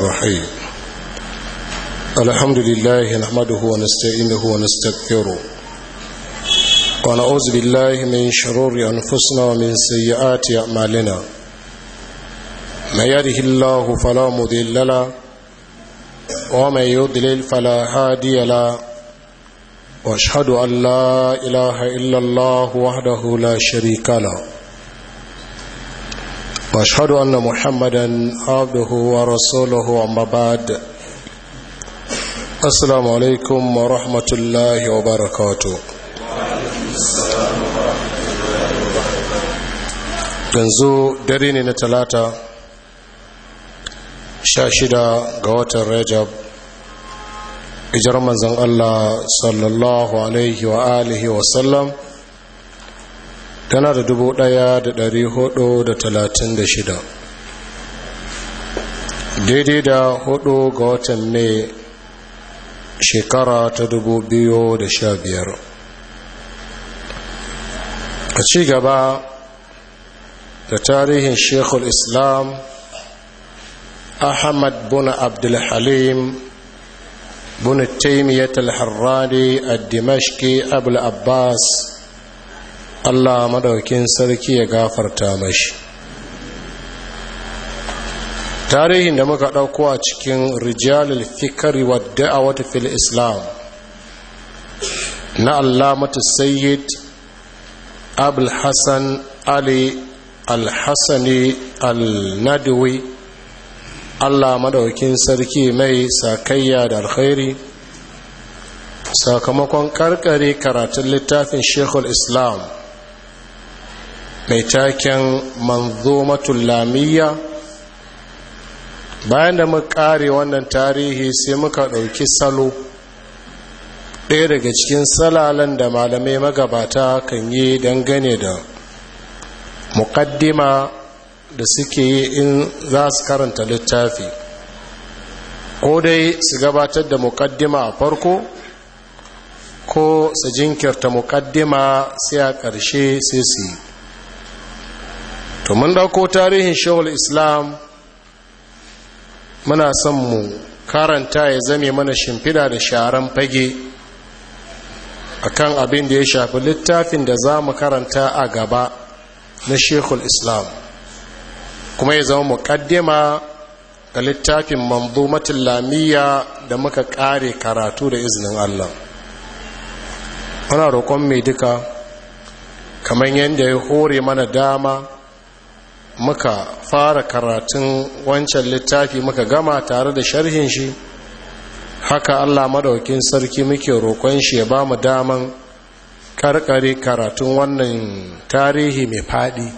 الرحيم الحمد لله نحمده ونستعينه ونستغفره ونعوذ بالله من شرور أنفسنا ومن سيئات أعمالنا من يده الله فلا مضل له ومن يضلل فلا هادي له واشهد أن لا إله إلا الله وحده لا شريك له واشهد ان محمدا عبده ورسوله اما بعد السلام عليكم ورحمه الله وبركاته yanzu dare ne na talata sha shida ga watan rajab ijar manzan allah sallallahu alaihi wa alihi wasallam tana da dubu ɗaya da ɗari hudu da talatin da shida daidai da hudu ga watan ne shekara ta dubu biyu da sha biyar a ci gaba da tarihin shekul islam ahmad bin abdulhalim bin taimiyyat al-harrani a dimashki abul abbas Allah madaukin sarki ya gafarta mashi tarihin da muka ɗauko a cikin rijalil fikari wa da'awata fil islam na allamata sayyid abul hassan ali alhassani al nadwi allah madaukin sarki mai sakayya da alkhairi sakamakon karkare karatun littafin shekul islam mai taken manzo lamiyya bayan da muka kare wannan tarihi sai muka ɗauki salo ɗaya daga cikin salalan da malamai magabata kan yi dangane da muƙaddima da suke yi in za su karanta littafi ko dai su gabatar da muƙaddima a farko ko su jinkirta muƙaddima sai a ƙarshe sai su yi to mun dauko tarihin shawul islam muna son mu karanta ya zame mana shimfida da sharan fage akan abin da ya shafi littafin da za mu karanta a gaba na shekul islam kuma ya zama mukaddima ga littafin manzumatin lamiya da muka kare karatu da izinin allah muna roƙon mai duka kamar yadda ya hore mana dama muka fara karatun wancan littafi muka gama tare da sharhin shi haka allah madaukin sarki muke roƙon shi ya ba mu daman karkare karatun wannan tarihi mai faɗi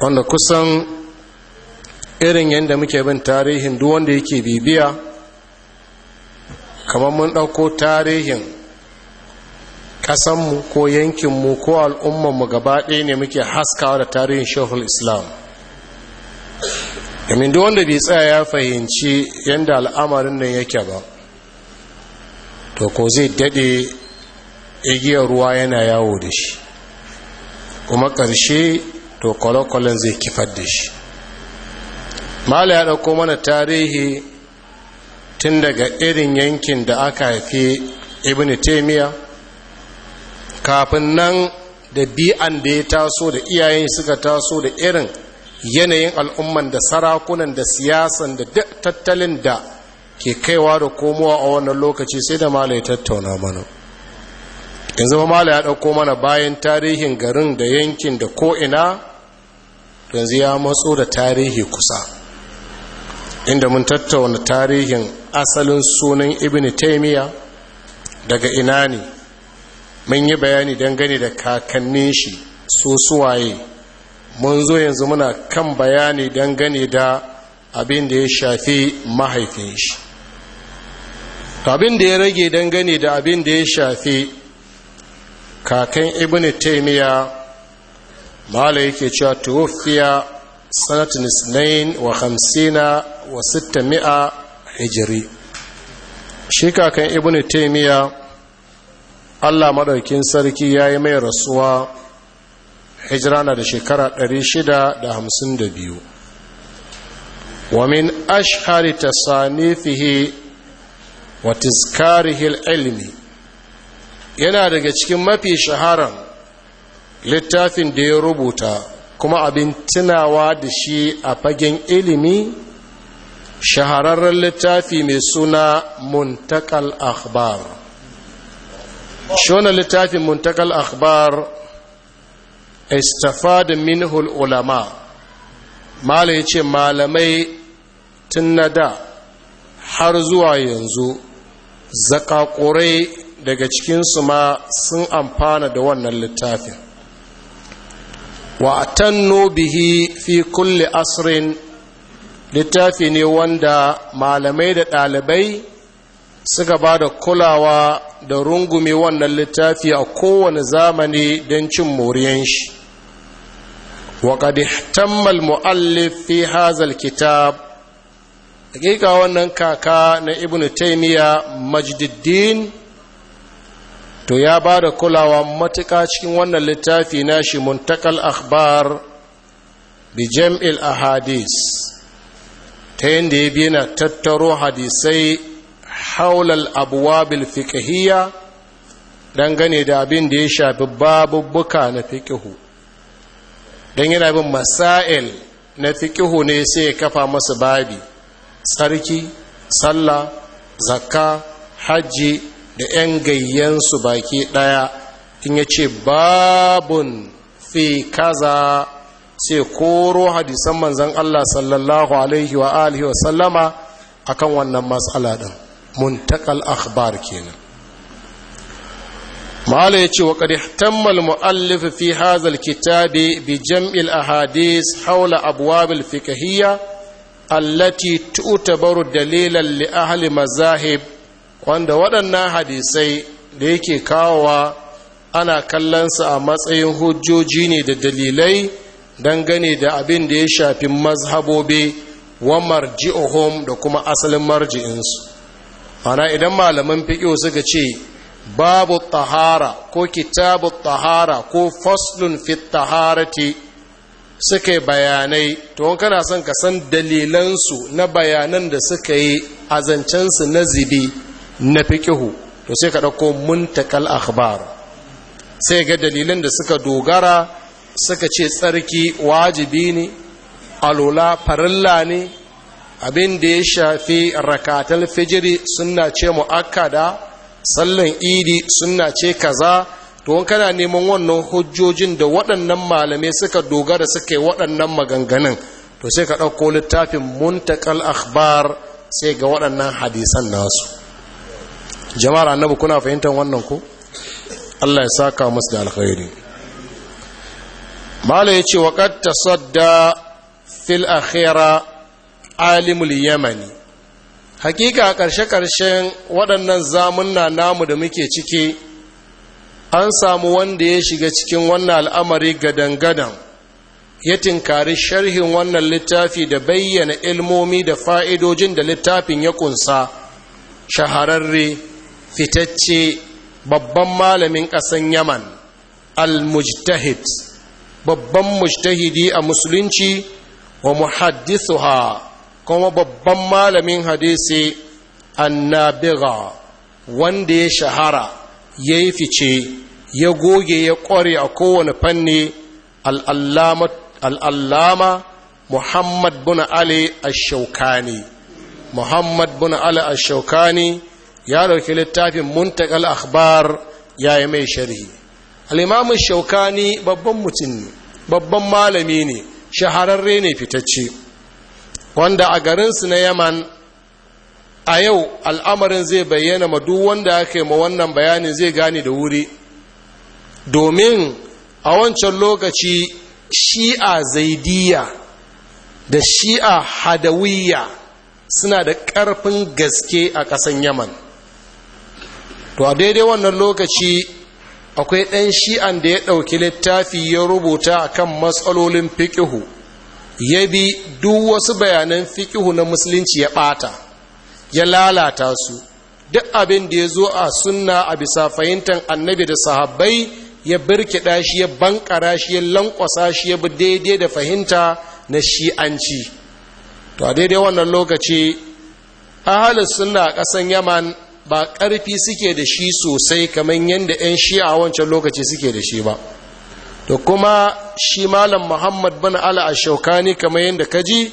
wanda kusan irin yadda muke bin tarihin duk wanda yake bibiya kamar mun ɗauko tarihin mu ko yankin mu ko al'ummanmu gaba ɗaya ne muke haskawa da tarihin shehu islam domin duk wanda bai tsaya ya fahimci yadda al'amarin nan yake ba to ko zai daɗe igiyar ruwa yana yawo da shi kuma ƙarshe to kwalokwalon zai kifar da shi mala ya ɗauko mana tarihi tun daga irin yankin da aka haifi ibn taimiyya kafin nan da bi'an da ya taso da iyayen suka taso da irin yanayin al'umman da sarakunan da siyasan da tattalin da ke kaiwa da komowa a wannan lokaci sai da mala ya tattauna mana yanzu ma mala ya ɗauko mana bayan tarihin garin da yankin da ko'ina yanzu ya matso da tarihi kusa inda mun tattauna tarihin asalin sunan ibn taimiyya daga ina ne mun yi bayani dangane da kakannin shi su suwaye mun zo yanzu muna kan bayani dangane da abin da ya shafi mahaifin shi abin da ya rage dangane da abin da ya shafi kakan ibn taimiya mala yake cewa tuwafiya sanatin isnain wa hamsina wa sittami'a hijiri shi kakan ibn taimiya allah maɗaukin sarki ya yi mai rasuwa hijira na da shekara 652 wa min ta ashhari fihe wa ilmi yana daga cikin mafi shaharan littafin da ya rubuta kuma abin tunawa da shi a fagen ilimi shahararren littafi mai suna muntakal akhbar shona littafin muntakal akhbar istafada minhul ulama mala ya ce malamai tun na da har zuwa yanzu zakakurai daga cikinsu ma sun amfana da wannan littafin wa tanno bihi fi kulle asrin littafi ne wanda malamai da ɗalibai suka ba da kulawa da rungume wannan littafi a kowane zamani don cin moriyan shi وقد tammal mu'allif fi hazal kitab hakika wannan kaka na ibnu Taimiyya Majdidin to ya ba da kulawa matuƙa cikin wannan littafi na nashi muntakal akhbar bi jam'il ahadis ta yadda ya bi na tattaro hadisai haulal abuwabil fiƙihiyya dangane da abin da ya shafi babubbuka na fiƙihu don yana bin masail na fiƙihu ne sai ya kafa masu babi tsarki sallah zakka hajji da 'yan gayyansu baki ɗaya in ya ce babun fi kaza sai koro hadisan manzan Allah sallallahu alaihi wa alihi wa sallama akan wannan matsala ɗin muntakal akhbar kenan mala ya ce wa tammal mu'allif fi hazal kitabi bi jam'il ahadis haula abwabil fikahiyya allati tu'tabaru dalilan li ahli mazahib wanda waɗannan hadisai da yake kawowa ana kallonsa a matsayin hujjoji ne da dalilai dangane da abin da ya shafi mazhabobi wa marji'uhum da kuma asalin marji'insu Mana idan malaman fiƙo suka ce babu tahara ko kitabu tahara ko faslun fi taharati suka bayanai to kana son ka san dalilansu na bayanan da suka yi a zancensu na zibi na fiƙihu to sai ka ɗauko muntakal akhbar sai ga dalilan da suka dogara suka ce tsarki wajibi ne alola farilla ne abin da ya shafi rakatal fijiri suna ce mu'akkada sallan idi suna ce kaza to kana neman wannan hujjojin da waɗannan malamai suka dogara suka yi waɗannan maganganun to sai ka ɗauko littafin muntakal akhbar sai ga waɗannan hadisan nasu jama'ar annabi kuna fahimtar wannan ku? Allah ya saka musu da alkhairi ya ce wa qad tasadda fil akhira alimul yamani hakika a ƙarshe-ƙarshen waɗannan zamunna namu da muke ciki an samu wanda ya shiga cikin wannan al'amari gadan-gadan ya tinkari sharhin wannan littafi da bayyana ilmomi da fa'idojin da littafin ya kunsa shahararre fitacce babban malamin ƙasan yaman al-mujtahid babban mujtahidi a musulunci wa muhaddisuha kuma babban malamin hadisi annabiga wanda ya shahara ya yi fice ya goge ya ƙware a kowane fanni al'allama muhammad bin ali ashaukani muhammad bin ali ashaukani ya ɗauki littafin muntakal akhbar ya yi mai sharhi al'imamun shaukani babban mutum ne babban malami ne shahararre ne fitacce wanda a garinsu na yaman a yau al'amarin zai bayyana ma duk wanda aka ma wannan bayanin zai gane da wuri domin a wancan lokaci shi'a zaidiya da shi'a Hadawiya suna da ƙarfin gaske a ƙasan yaman to a daidai wannan lokaci akwai ɗan shi'an da ya ɗauki littafi ya rubuta kan matsalolin fiƙihu ya bi duk wasu bayanan fikihu na musulunci ya ɓata ya lalata su duk abin da ya zo a sunna a bisa fahimtar annabi da sahabbai ya birkiɗa shi ya bankara shi ya lankwasa shi ya bi daidai da fahimta na shi'anci to a daidai wannan lokaci ahalin sunna a ƙasan yaman ba ƙarfi suke da shi sosai kamar yadda 'yan shi'a wancan lokaci suke da shi ba to kuma shi malam muhammad bin ala ashaukani kamar yadda ka ji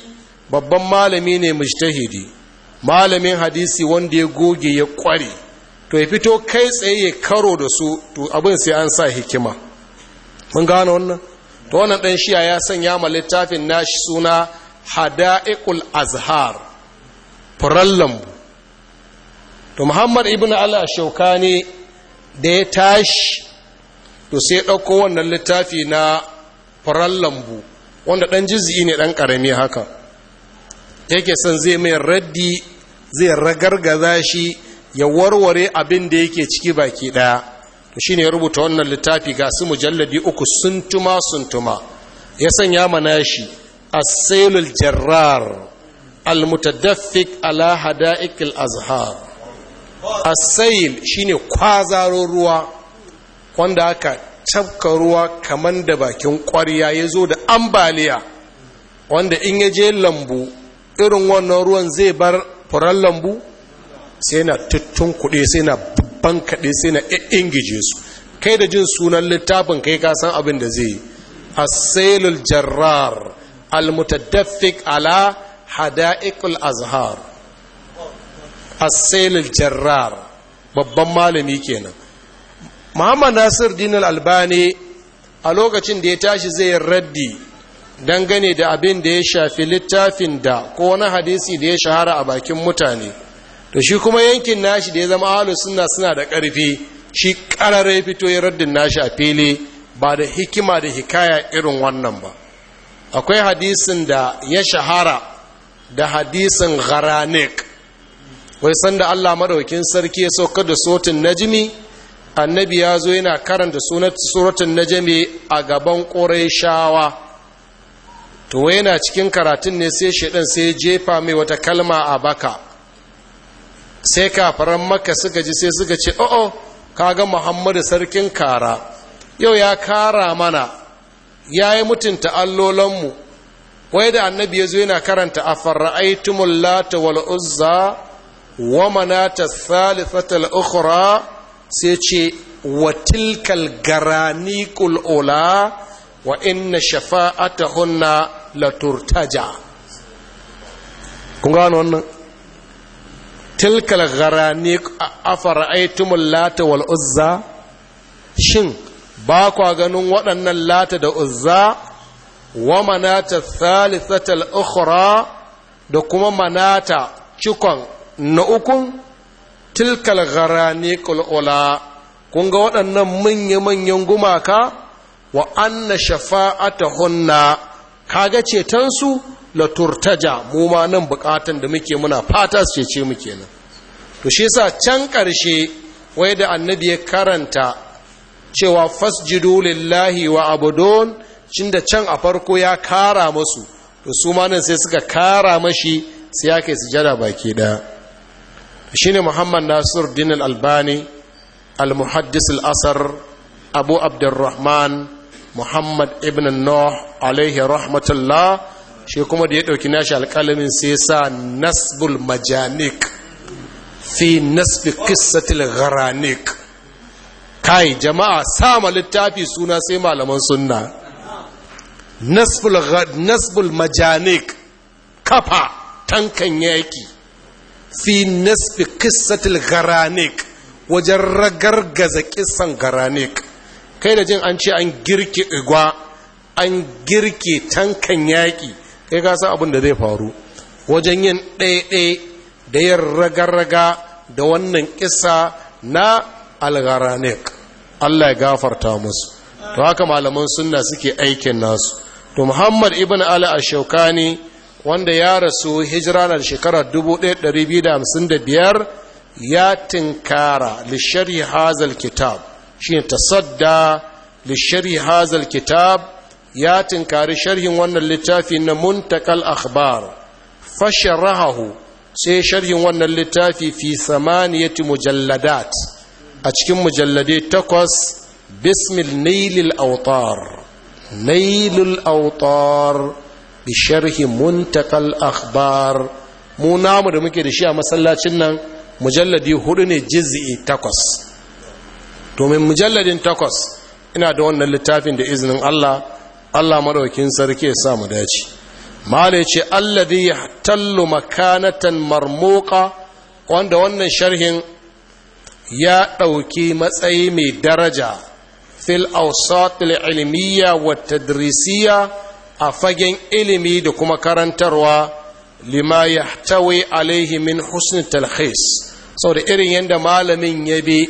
babban malami ne mujtahidi malamin hadisi wanda ya goge ya kware to ya fito kai tsaye ya karo da su to abin sai an sa hikima mun gano wannan to wannan dan shiya ya sanya ma littafin nashi suna hada'iqul azhar furan lambu to muhammad ibn ala ashaukani da ya tashi to sai ɗauko wannan littafi na furen lambu wanda ɗan jizi ne ɗan ƙarami haka yake son zai mai raddi zai ragargaza shi ya warware abin da yake ciki baki ɗaya to shine ya rubuta wannan littafi ga su mujalladi uku suntuma suntuma ya sanya mana shi asailul jarrar almutadaffik ala hada'ikil azhar asail shine kwazaron ruwa wanda aka tabka ruwa kamar da bakin ƙwarya ya zo da ambaliya wanda in ya je lambu irin wannan ruwan zai bar furen lambu sai na tuttun kuɗe sai na babban kaɗe sai na ingije su kai da jin sunan littafin kai ka san abin da zai yi asailul jarrar almutadaffiq ala hada'iqul azhar asailul jarrar babban malami kenan muhammad nasir dinar albani a lokacin da ya tashi zai raddi dangane da abin da ya shafi littafin da ko wani hadisi da ya shahara a bakin mutane to shi kuma yankin nashi da ya zama ahalu suna suna da ƙarfi shi ƙarare fito ya raddin nashi a fili ba da hikima da hikaya irin wannan ba akwai hadisin da ya shahara da hadisin gharanik wai sanda allah maɗaukin sarki ya saukar da sotin najimi annabi ya zo yana karanta suratun najami a gaban shawa. to yana cikin karatun ne sai shaɗan sai jefa mai wata kalma a baka sai kafaran maka suka ji sai suka ce o'o oh, oh, kaga muhammadu sarkin kara yau ya kara mana ya yi mutunta allolanmu wai da annabi ya zo yana karanta a lata wal uzza wa manata thalithatal ukhra sai ce wa tilkal garani ula wa inna shafa'ata la turtaja kun gano wannan tilkal a afara'aytumul lata wal uzza shin ba kwa ganin waɗannan lata da uzza wa manata thalithatal ukhra da kuma manata cikon na ukun tilkal kul ula kun ga waɗannan manya-manyan gumaka wa anna hunna kaga cetonsu la turtaja mu ma nan bukatan da muke muna fata su cece mu kenan to shi yasa can karshe wai da annabi ya karanta cewa fasjidu lillahi wa abudun cinda can a farko ya kara musu to su ma nan sai suka kara mashi sai ya kai sujada baki ɗaya shine muhammad nasir din al-albani al-muhaddis al-asar abu abdurrahman muhammad ibn nuh alaihi rahmatullah shi kuma da ya dauki nashi alƙalamin sai sa nasbul majanik fi nasbi qissatil gharanik kai jama'a sama littafi suna sai malaman sunna nasbul majanik kafa tankan yaki fi nasfi kissatil garanik wajen ragargaza kissan garanik kai da jin an ce an girki igwa an girki tankan yaƙi kai ka san abin da zai faru wajen yin ɗaiɗai da yin raga-raga da wannan kissa na algaranik Allah ya gafarta musu to haka malaman sunna suke aikin nasu to muhammad ibn Ali Ashokani. wanda ya rasu hijira na shekarar 1255 ya tinkara lishari hazal kitab shi ne tasadda lishari hazal kitab ya tinkari sharhin wannan littafi na muntakal akhbar fasharahahu sai sharhin wannan littafi fi samaniyati mujalladat a cikin mujalladai takwas bismil nailil autar nailul autar bi sharhi muntakal akhbar mu namu da muke da shi a masallacin nan mujalladi hudu ne jiz'i takwas domin mujalladin takwas ina da wannan littafin da izinin Allah Allah madaukin sarki ya sa mu dace malai ce alladhi yahtallu makanatan marmuqa wanda wannan sharhin ya ɗauki matsayi mai daraja fil awsat al-ilmiyya wa tadrisiyya a fagen ilimi da kuma karantarwa lima ya tawe alaihi min husni talhis da irin yadda malamin ya bi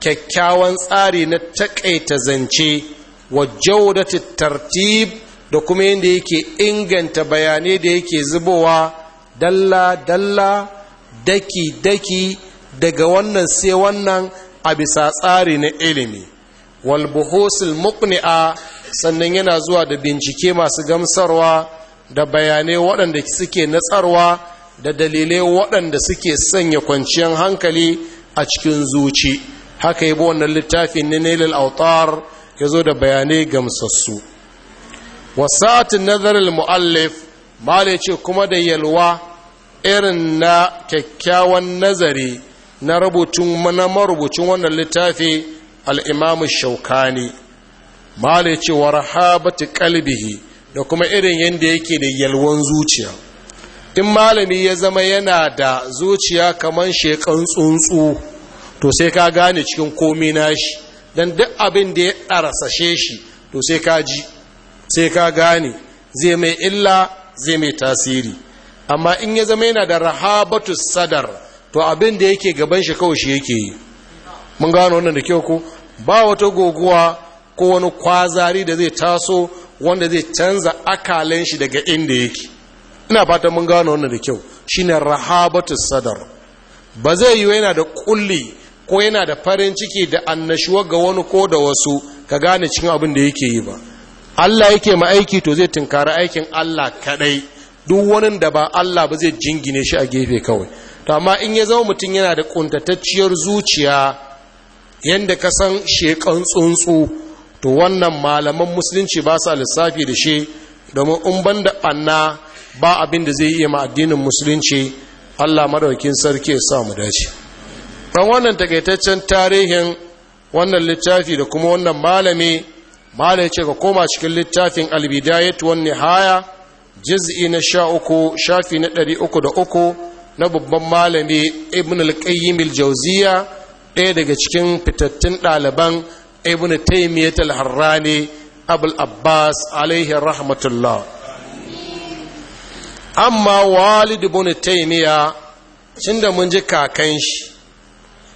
kyakkyawan tsari na takaita zance wa jaudati tartib da kuma yadda yake inganta bayanai da yake zubowa dalla dalla daki daki daga wannan sai wannan a bisa tsari na ilimi wal buhusul muqni'a sannan yana zuwa da bincike masu gamsarwa da bayanai waɗanda suke natsarwa da dalilai waɗanda suke sanya kwanciyar hankali a cikin zuci haka yi wannan littafin na nailal autar ya zo da bayanai gamsassu wasatin nazarin mu'allif male ce kuma da yalwa irin na kyakkyawan nazari na rubutun marubucin wannan littafi al'imamu shaukani mala ce wa rahabati kalbihi da kuma irin yanda yake da yalwan zuciya in malami ya zama yana da zuciya kamar shekan tsuntsu to sai ka gane cikin komi nashi dan duk abin da ya darasashe shi to sai ka ji sai ka gane zai mai illa zai mai tasiri amma in ya zama yana da rahabatu sadar to abin da yake gaban shi kawai shi yake yi mun gano wannan da kyau ko ba wata goguwa ko wani kwazari da zai taso wanda zai canza akalen shi daga inda yake ina fata mun gano wannan da kyau shine rahabatu sadar ba zai yi yana da kulli ko yana da farin ciki da annashuwa ga wani ko da wasu ka gane cikin abin da yake yi ba Allah yake ma aiki to zai tunkari aikin Allah kadai duk wani da ba Allah ba zai jingine shi a gefe kawai to amma in ya zama mutum yana da kuntatacciyar zuciya yanda ka san shekan tsuntsu to wannan malaman musulunci ba sa lissafi da shi domin in ban da ɓanna ba abin da zai iya ma addinin musulunci allah maɗaukin sarki ya sa mu dace ɗan wannan takaitaccen tarihin wannan littafi da kuma wannan malami malai ce ka koma cikin littafin albidayat wan nihaya juz'i na sha uku shafi na ɗari uku da uku na babban malami ibn al-qayyim ɗaya daga cikin fitattun ɗaliban ibn taymiyat al-harrani abul abbas alaihi rahmatullah amma walid ibn taymiya shin da mun ji kakan shi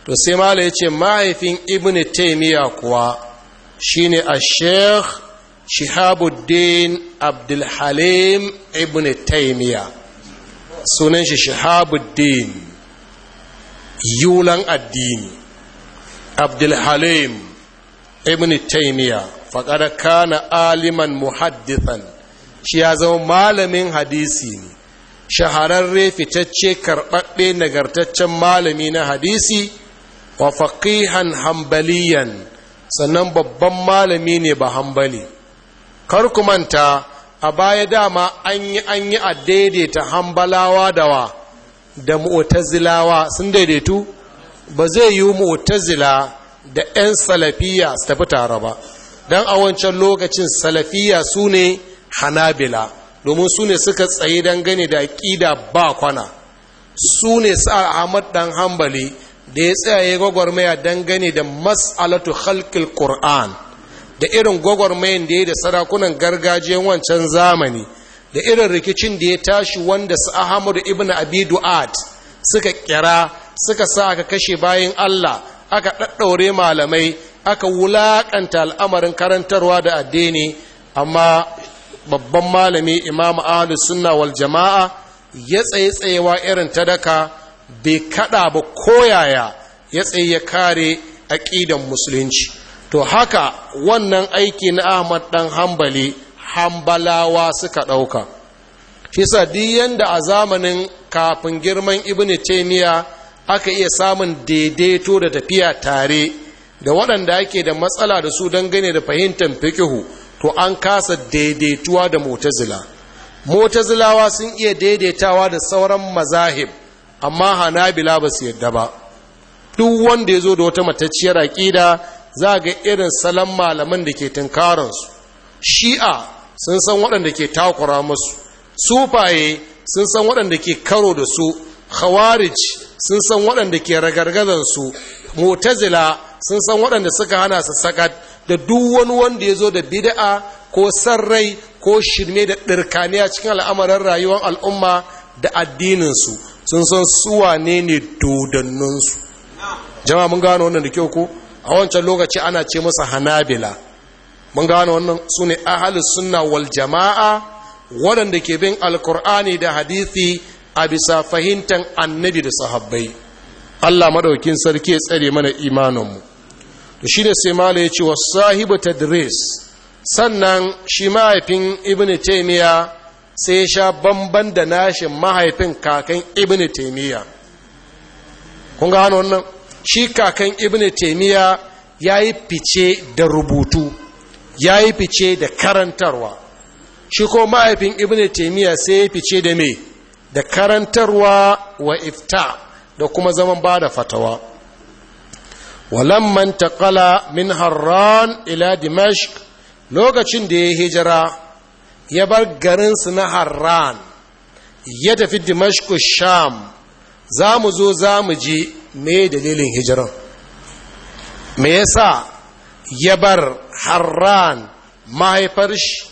to sai mala ya ce mahaifin ibn taimiya kuwa shine ash-sheikh shihabuddin abdulhalim ibn taymiya sunan yulan addini abdulhalim ibn taymiya faqad kana aliman muhaddithan shi ya zama malamin hadisi ne shahararre fitacce karɓaɓɓe nagartaccen malami na hadisi wa faqihan hambaliyan sannan babban malami ne ba hambali kar ku manta a baya dama an yi an yi a daidaita hambalawa da wa da mu'tazilawa sun daidaitu ba zai yi mu'tazila da 'yan salafiya su tafi tare ba don a wancan lokacin salafiya su ne hanabila domin su ne suka tsaye don gane da ƙida ba kwana su ne sa'ar ahmad dan hambali da ya tsaye gwagwarmaya don gane da mas'alatu halkil ƙur'an da irin gwagwarmayan da ya da sarakunan gargajiyar wancan zamani da irin rikicin da ya tashi wanda su ahmadu ibn abi du'at suka kira suka sa aka kashe bayan allah aka ɗaɗɗaure malamai aka wulaƙanta al'amarin karantarwa da addini amma babban malami imamu ahalus sunna wal jama'a ya tsaye tsayewa irin ta daka bai kaɗa ba koyaya ya tsaye ya kare aƙidan musulunci to haka wannan aiki na ahmad ɗan hambali hambalawa suka ɗauka shi sa duk yanda a zamanin kafin girman ibn taymiya aka iya samun daidaito da tafiya tare da waɗanda ake da matsala da su dangane da fahimtar fikihu to an kasa daidaituwa da motazila motazilawa sun iya daidaitawa da sauran mazahib amma hanabila ba su yadda ba duk wanda ya zo da wata matacciyar aƙida za ga irin salon malaman da ke tunkaransu shi'a sun san waɗanda ke takura masu sufaye sun san waɗanda ke karo da su khawarij sun san waɗanda ke ragargazansu mutazila sun san waɗanda suka hana su sakat da duk wani wanda ya zo da bida'a ko sarrai ko shirme da ɗirkaniya cikin al'amarin rayuwar al'umma da addininsu sun san suwa ne ne dodanninsu jama'a mun gano wannan da kyau ko a wancan lokaci ana ce masa hanabila mun gano wannan su ne ahalus sunna wal jama'a waɗanda ke bin alkur'ani da hadithi a bisa fahimtar annabi da sahabbai Allah madaukin sarki ya tsare mana imaninmu to shi ne sai mala ya ce wa sahibu tadris sannan shi mahaifin ibn taymiya sai ya sha bamban da nashin mahaifin kakan ibn taymiya kun ga wannan shi kakan ibn taymiya yayi fice da rubutu yayi fice da karantarwa shi ko mahaifin ibn taymiya sai ya fice da me da karantarwa wa ifta da kuma zaman ba da fatawa walamman taƙala min harran ila dimashq lokacin da ya hijira ya bar garinsu na harran ya tafi dimashq sham za mu zo za mu je me dalilin hijiran me yasa ya bar harran mahaifar shi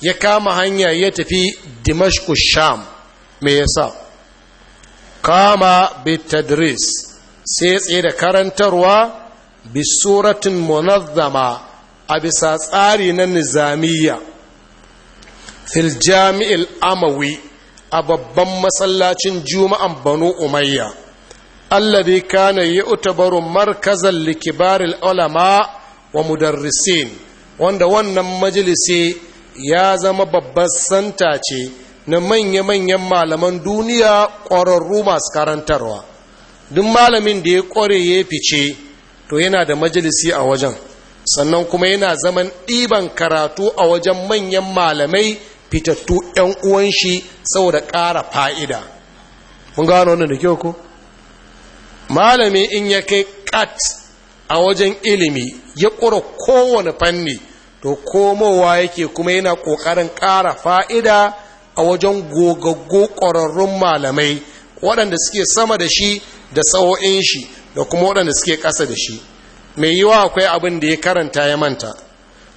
ya kama hanya ya tafi dimashq sham me yasa kama bitadris sai tsaye da karantarwa bisuratin munazzama a bisa tsari na nizamiya fil jami'il amawi a babban masallacin juma'an banu umayya alladhi kana yu'tabaru markazan likibaril ulama wa mudarrisin wanda wannan majalisi ya zama babbar santa ce na manya-manyan malaman duniya ƙwararru masu karantarwa duk malamin da ya ƙware ya fice to yana da majalisi a wajen sannan kuma yana zaman ɗiban karatu a wajen manyan malamai fitattu 'yan uwan shi saboda ƙara fa'ida mun gano wannan da kyau ko malami in ya kai kat a wajen ilimi ya ƙura kowane fanni to komowa yake kuma yana ƙoƙarin ƙara fa'ida a wajen gogaggo ƙwararrun malamai waɗanda suke sama da shi da tsawo'in shi da kuma waɗanda suke ƙasa da shi mai yiwa akwai abin da ya karanta ya manta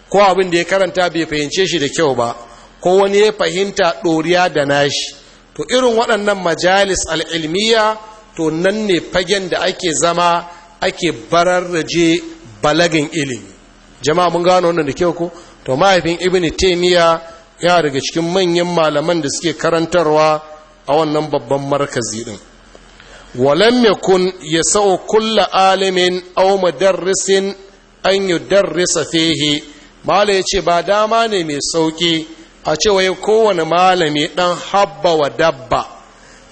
ko abin da ya karanta bai fahimce shi da kyau ba ko wani ya fahimta ɗoriya da nashi to irin waɗannan majalis al'ilmiya to nan ne fagen da ake zama ake bararraje balagin ilimi jama'a mun gano wannan da kyau ko to mahaifin ibn taimiyya yana daga cikin manyan malaman da suke karantarwa a wannan babban markazi din walam yakun yasau kulla alimin aw mudarrisin an yudarrisa fihi mala yace ba dama ne mai sauki a ce wai kowane malami dan habba wa dabba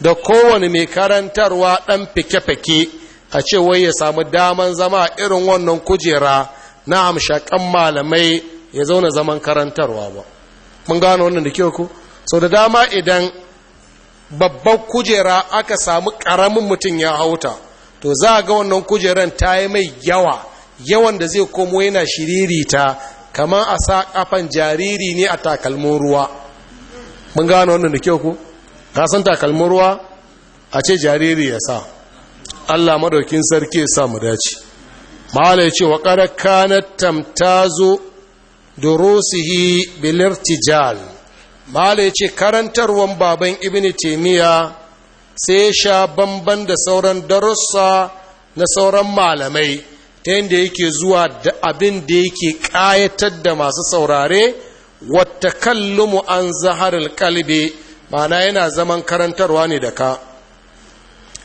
da kowane mai karantarwa dan fike-fike a ce wai ya samu daman zama irin wannan kujera na amshakan malamai ya zauna zaman karantarwa ba mun gano wannan da kyau ko sau da dama idan babbar kujera aka samu ƙaramin mutum ya hauta to za a ga wannan kujeran ta yi mai yawa yawan da zai komo yana shiririta kamar a sa kafan jariri ne a takalmin ruwa mun gano wannan da kyau ku ka san takalmin ruwa a ce jariri ya sa Allah madaukin sarki ya sa mu dace mala ya ce wa qad kanat tamtazo durusihi bilirtijal mala ya ce karantarwan baban ibn taimiyya sai sha bamban da sauran darussa na sauran malamai ta yadda yake zuwa da abin da yake ƙayatar da masu saurare wata kallumu an zaharar kalbe ma'ana yana zaman karantarwa ne da ka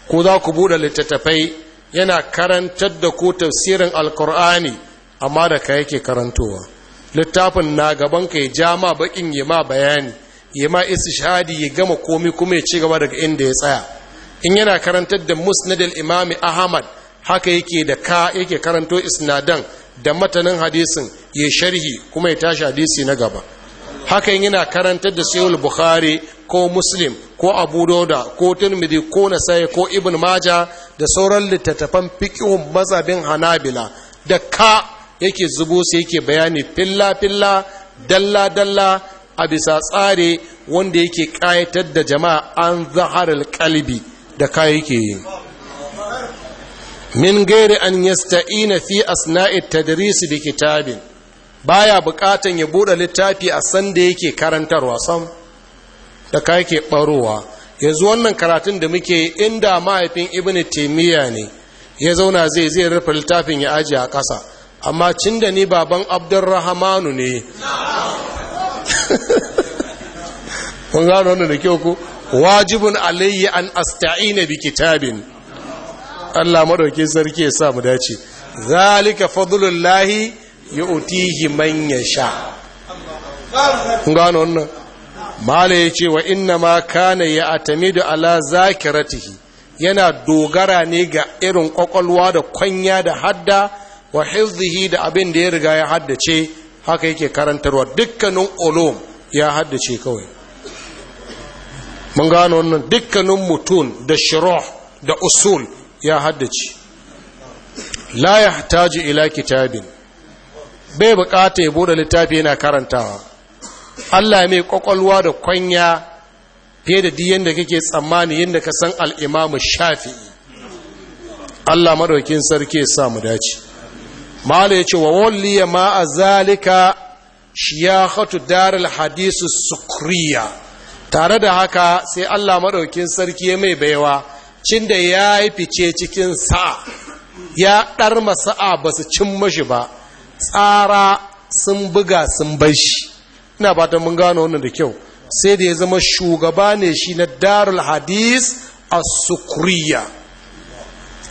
ko za ku buɗe littattafai yana karantar da ku tafsirin alkur'ani amma da ka yake karantowa littafin na gaban ka ya ja ma bakin ya ma bayani ya ma shahadi ya gama komi kuma ya ci gaba daga inda ya tsaya in yana karantar da musnadil imami ahmad haka yake da ka yake karanto isnadan da matanin hadisin ya sharhi kuma ya tashi hadisi na gaba haka yana karantar da sayul bukhari ko muslim ko abu dauda ko tirmidhi ko nasai ko ibn maja da sauran littattafan fiqhun mazhabin hanabila da ka yake zubo su yake bayani filla-filla dalla-dalla a bisa tsare wanda yake kayatar da jama'a an zaharar kalbi da kayi ke yi min gairi an yasta'ina fi asna'i tadrisi bi kitabin baya bukatan ya bude littafi a san da yake karantarwa sam da ka yake barowa yanzu wannan karatun da muke inda mahaifin Ibn taymiya ne ya zauna zai zai rufe littafin ya aje a ƙasa amma cin da ni baban abdurrahamanu ne kun gano wannan da kyau ku wajibun alayya an asta'ina bi kitabin Allah madauke sarki ya sa mu dace zalika fadlullahi yu'tihi man yasha kun gano wannan mala yace wa inna ma kana ya'tamidu ala zakiratihi yana dogara ne ga irin kwakwalwa da kwanya da hadda wa hifzihi da abin da ya riga ya haddace haka yake karantarwa dukkanin ulum ya haddace kawai mun gano wannan dukkanin mutun da shiroh da usul ya haddace la hataji ila kitabin bai bukata ya bude littafi yana karantawa Allah mai kwakwalwa da kwanya fiye da diyan da kake tsammani yadda ka san al'imamu shafi'i Allah madaukin sarki ya sa mu dace mala ya ce wa walliya ma a zalika hatu darar hadisu sukriya tare da haka sai allah maɗaukin sarki ya mai baiwa cin da ya yi fice cikin sa'a ya ɗar sa'a ba su cin mashi ba tsara sun buga sun bai shi ina ta mun gano wannan da kyau sai da ya zama shugaba ne shi na darul hadis a sukuriya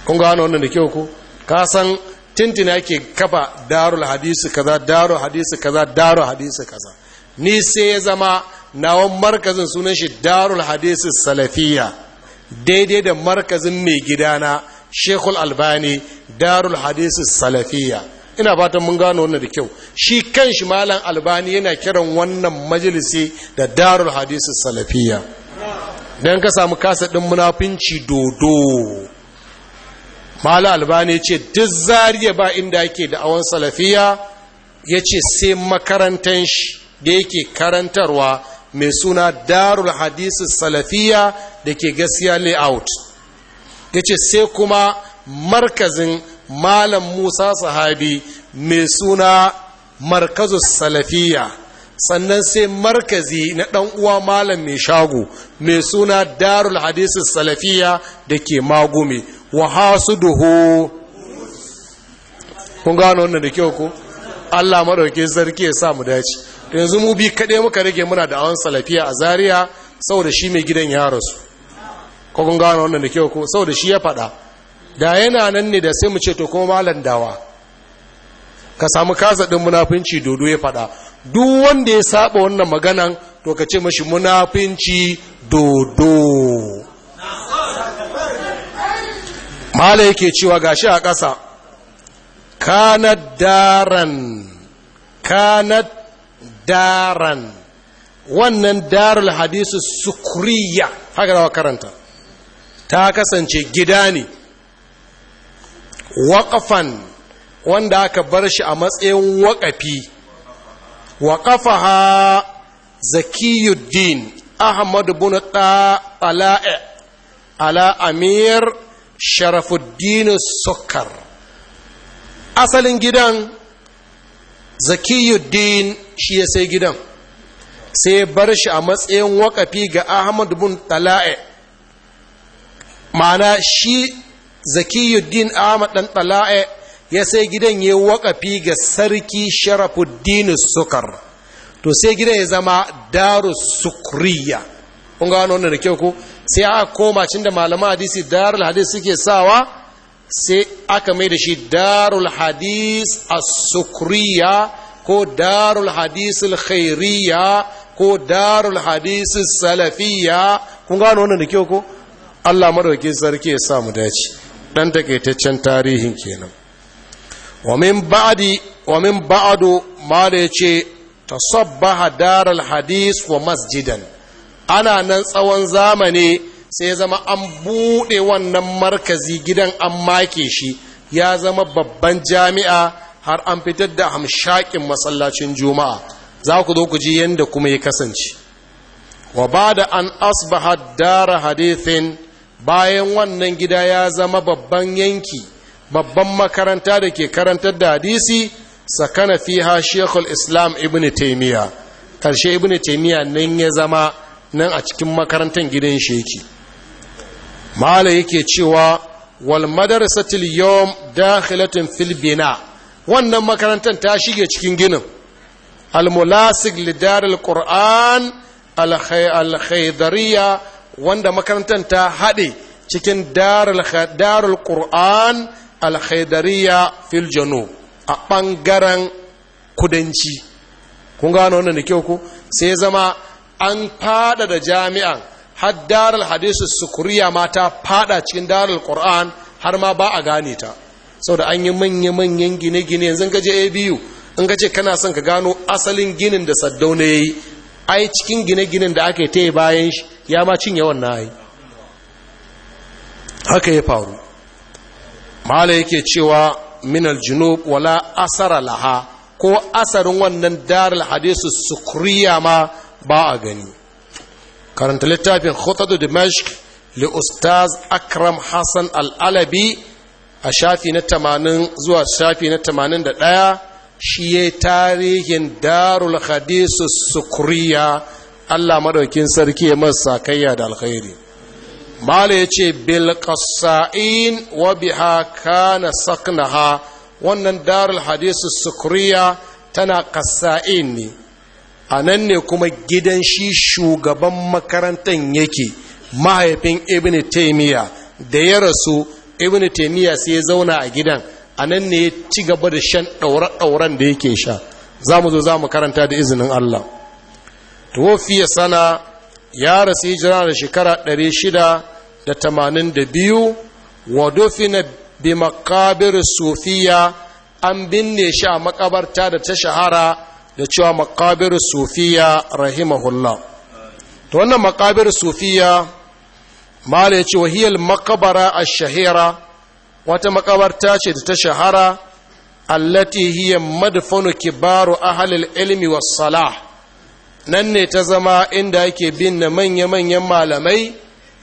kun gano wannan da kyau ko ka san tintina ke kafa darul hadisi kaza darul hadisi kaza darul hadisi kaza ni sai ya zama nawon markazin sunan shi darul hadisi salafiya daidai da markazin mai gidana shekul albani darul hadisi salafiya ina fatan mun gano wannan da kyau shi kan shi malam albani yana kiran wannan majalisi da darul hadisi salafiya don ka samu kasa ɗin munafinci dodo mala albani ce duk zariya ba inda yake da awon salafiya ya ce sai makarantar shi da yake karantarwa mai suna darul hadisi salafiya da ke gaskiya layout ya ce sai kuma markazin malam musa sahabi mai suna markazu salafiya sannan sai markazi na ɗan uwa malam mai shago mai suna darul hadisi salafiya da ke magumi wa kun gano wannan da kyau ko Allah madauke sarki ya sa mu dace yanzu mu bi kaɗai muka rage muna da awan salafiya a Zariya saboda shi mai gidan ya rasu ko kun gano wannan da kyau ko saboda shi ya faɗa da yana nan ne da sai mu ce to kuma malan dawa ka samu kasa ɗin munafinci dodo ya faɗa duk wanda ya saba wannan maganan to ka ce mashi munafinci dodo malai yake cewa gashi a ƙasa kanat daren daran wannan darul hadisu sukuriya haka da karanta ta kasance gida ne waƙafan wanda aka bar shi a matsayin waƙafi waƙafa ha zakiyuddin ahmad bin ala amir sharafuddin sukar asalin gidan zakiyuddin shi ya sai gidan sai bar shi a matsayin wakafi ga ahmad bin tala'e ma'ana shi zakiyuddin ahmad dan tala'e ya sai gidan ya wakafi ga sarki sharafuddin sukar to sai gidan ya zama daru sukriya kun ga wannan da kyau ko sai a koma cin da malaman hadisi darul hadis suke sawa sai aka mai da shi darul hadis as-sukriya ko darul hadis al ko darul hadis salafiya kun gano wannan da kyau ko Allah madaukakin sarki ya sa dace dan takaitaccen tarihin kenan wa min ba'di wa min ba'du ma da yace tasabbaha darul hadis wa masjidan ana nan tsawon zamani sai zama an buɗe wannan markazi gidan an make shi ya zama babban jami'a har an fitar da hamshakin masallacin juma'a za ku zo ku ji yadda kuma ya kasance wa ba da an asbaha dara hadithin bayan wannan gida ya zama babban yanki babban makaranta da ke karantar da hadisi sakana fiha shekul islam ibn taimiyya ƙarshe ibn taimiyya nan ya zama nan a cikin makarantar gidan sheki. mala yake cewa wal madrasatul yawm dakhilatun fil bina wannan makarantar ta shige cikin ginin al li lidaril qur'an al khaydariya wanda makarantar ta hade cikin darul darul qur'an al khaydariya fil janub a bangaren kudanci kun gano wannan da kyau ko sai zama an fada da jami'an har darar hadisu sukuriya ma ta fada cikin darar qur'an har ma ba a gane ta Sau da an yi manya-manyan gine-gine yanzu ka je biyu in ka kana son ka gano asalin ginin da saddau ne ya yi ai cikin gine ginin da aka yi ta bayan shi ya ma cinye wannan yi. haka ya faru mala yake cewa minal junub wala asara laha ko asarin wannan darar hadisu sukuriya ma ba a gani karanta littafin khutatu dimashq li ustaz akram hassan al'alabi a shafi na tamanin zuwa shafi na tamanin da ɗaya shi ya tarihin darul hadisu sukuriya allah maɗaukin sarki ya masa kayya da alkhairi mala ya ce bilkassa'in wa biha kana saknaha wannan darul hadisu sukuriya tana ƙasa'in ne a nan ne kuma gidan shi shugaban makarantar yake mahaifin ibn taimiyya da ya rasu ibn taimiyya sai ya zauna a gidan a nan ne ya ci gaba da shan ɗaure-ɗauren da yake sha za mu zo za mu karanta da izinin allah ya sana ya rasu hijira da shekara 682 wadofina bi makabir sofiya an binne shi a makabarta da ta shahara da cewa makabir sufiya rahimahullah to wannan makabir sufiya mala ya ce wahiyar makabara a shahira wata makabarta ce da ta shahara allati hiya madfanu kibaru ahalil ilmi was salah nan ne ta zama inda ake bin na manya-manyan malamai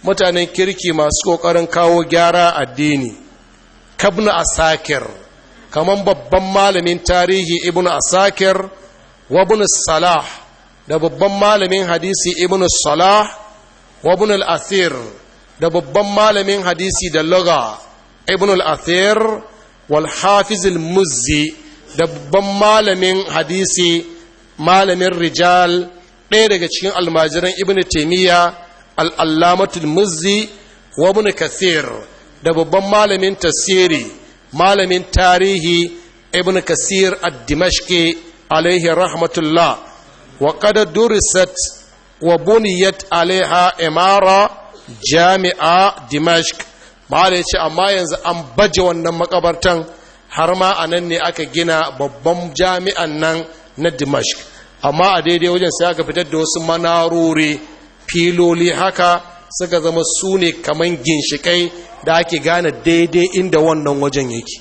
mutanen kirki masu kokarin kawo gyara addini kabna asakir kamar babban malamin tarihi ibnu asakir wa ibn salah da babban malamin hadisi ibn salah wa ibn al-athir da babban malamin hadisi da lugha ibn al-athir wal hafiz al-muzzi da babban malamin hadisi malamin rijal ɗaya daga cikin almajiran ibn taimiyya al muzzi wa ibn kathir da babban malamin tafsiri malamin tarihi ibn kasir ad-dimashqi alaihi rahmatullah wa qad durisat wa buniyat alaiha emara jami'a dimashq mala yace amma yanzu an baje wannan makabartan har ma a nan ne aka gina babban jami'an nan na dimashq amma a daidai wajen sai aka fitar da wasu manarori filoli haka suka zama su ne kamar ginshikai da ake gane daidai inda wannan wajen yake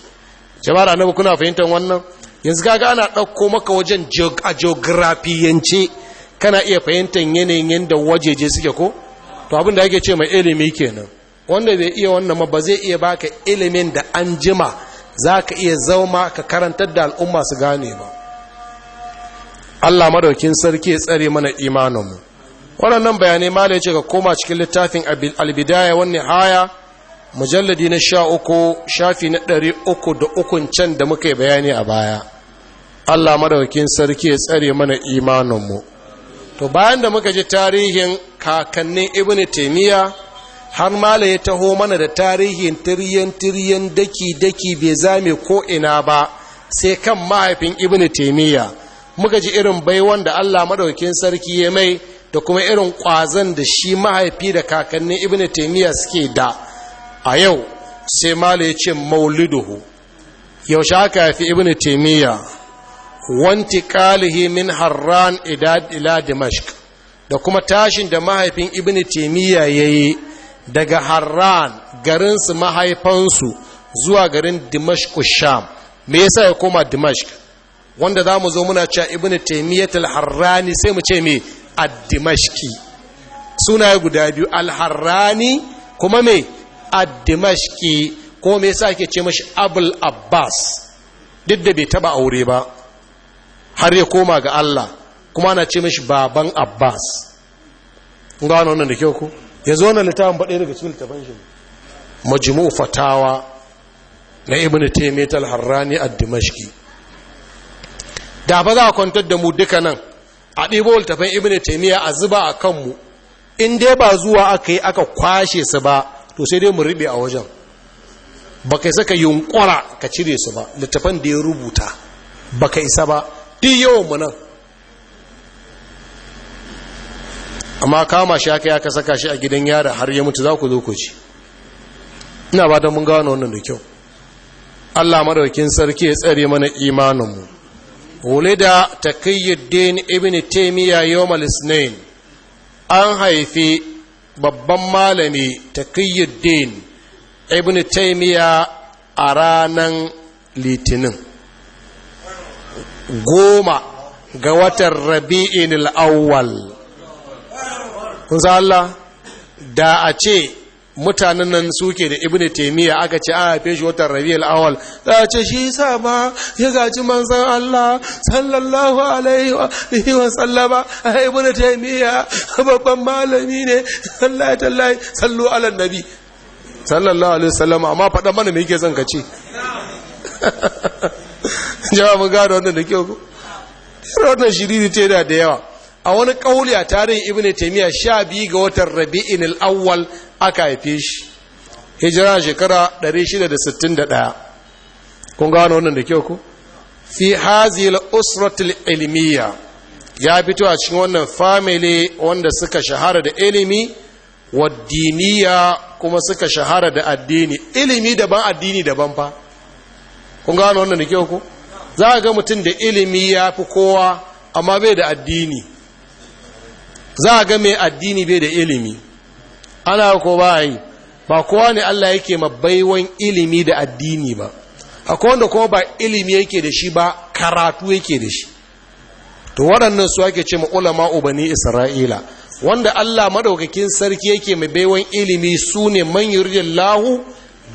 jama'ar annabi kuna fahimtar wannan yanzu kaga ana ɗauko maka wajen a geografiyance kana iya fahimtar yanayin yadda wajeje suke ko to abin da ake ce mai ilimi kenan wanda bai iya wannan ma ba zai iya baka ilimin da an jima za ka iya zauma ka karantar da al'umma su gane ba allah madaukin sarki ya tsare mana imaninmu waɗannan bayanai ma ya ce ka koma cikin littafin albidaya wani haya mujalladi na sha uku shafi na ɗari uku da ukun can da muka yi bayani a baya allah madawakin sarki ya tsare mana imaninmu to bayan da muka ji tarihin kakannin ibn taimiyya har mala ya taho mana da tarihin tiryen tiryen daki daki bai zame ko ina ba sai kan mahaifin ibn taimiyya muka ji irin baiwan da allah madawakin sarki ya mai da kuma irin kwazon da shi mahaifi da kakannin ibn taimiyya suke da a yau sai mala ya ce mauliduhu yaushe aka haifi ibn taimiyya wanti kalihi min harran ila dimashq da kuma tashin da mahaifin ibn taimiyya ya yi daga harran garinsu mahaifansu zuwa garin dimashq sham me yasa ya koma dimashq wanda za mu zo muna cewa ibn taimiyyat harrani sai mu ce me ad-dimashqi sunaye guda biyu al-harrani kuma me ad-dimashqi ko me yasa ake ce mashi abul abbas duk da bai taba aure ba har ya koma ga Allah kuma ana ce mashi baban abbas kun ga wannan da kyau ku yanzu wannan littafin ba ɗaya daga cikin littafan shi majmu fatawa na ibnu taymiyyah al-harrani ad da ba za a kwantar da mu duka nan a ɗibo littafin ibnu taymiyyah a zuba a kanmu in dai ba zuwa aka yi aka kwashe su ba to sai dai mu riɓe a wajen ba ka saka yunƙura ka cire su ba littafan da ya rubuta ba ka isa ba ɗi yawan mu nan amma kama shi aka aka saka shi a gidan yara har ya mutu za ku zo ku ci ina ba don mun gano wannan da kyau Allah madaukin sarki ya tsare mana imaninmu wulida kayyade ni ibini taimiyya yau malisnain an haifi babban malami taqiyuddin ibn taymiya a ranan litinin goma ga watan rabi'in al'awwal kun Allah da a ce mutanen nan suke da ibn taymiya aka ce a haife shi watan rabiul awal za ce shi sa ma ya gaji manzon Allah sallallahu alaihi wa sallama a ibn taymiya babban malami ne sallallahi tallahi sallu ala nabi sallallahu alaihi wasallama amma faɗa mana me yake son ka ce jama'a mun gano wannan da kyau ko wannan shiriri ce da da yawa a wani kauliya a tarihin ibn taymiya sha biyu ga watan rabiul Awal. aka haife shi hijira shekara 661 kun gano wannan da kyau ku fi hazil usratul ilmiya ya fito a cikin wannan family wanda suka shahara da ilimi wa diniya kuma suka shahara da addini ilimi daban addini daban fa kun gano wannan da kyau ku za a ga mutum da ilimi ya fi kowa amma bai da addini za a ga mai addini bai da ilimi ana ko ba yi ba kowa ne Allah yake ma baiwan ilimi da addini ba akwai wanda kuma ba ilimi yake da shi ba karatu yake da shi to waɗannan su ake ce ma ulama ubani isra'ila wanda Allah madaukakin sarki yake mai baiwan ilimi su ne man lahu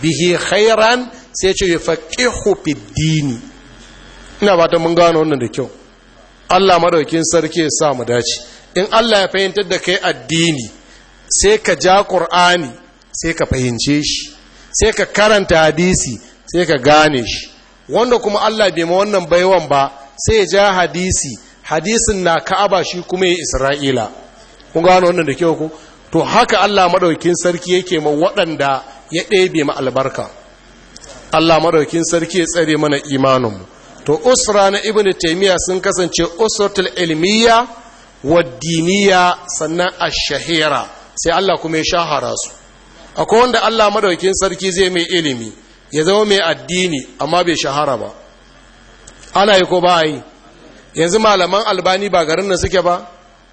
bihi khairan sai ce yufaqihu fid dini ina ba ta mun gano wannan da kyau Allah madaukakin sarki ya sa mu dace in Allah ya fahimtar da kai addini sai ka ja ƙur'ani sai ka fahimce shi sai ka karanta hadisi sai ka gane shi wanda kuma Allah bai ma wannan baiwan ba sai ya ja hadisi hadisin na ka'aba shi kuma ya isra'ila kun gano wannan da kyau ku to haka Allah madaukin sarki yake ma waɗanda ya ɗebe ma albarka Allah madaukin sarki ya tsare mana imaninmu to usra na ibnu taymiya sun kasance usratul ilmiya wa diniya sannan ash-shahira sai Allah kuma ya shahara su akwai wanda Allah madaukin sarki zai mai ilimi ya zama mai addini amma bai shahara ba ana yi ko ba yi yanzu malaman albani ba garin nan suke ba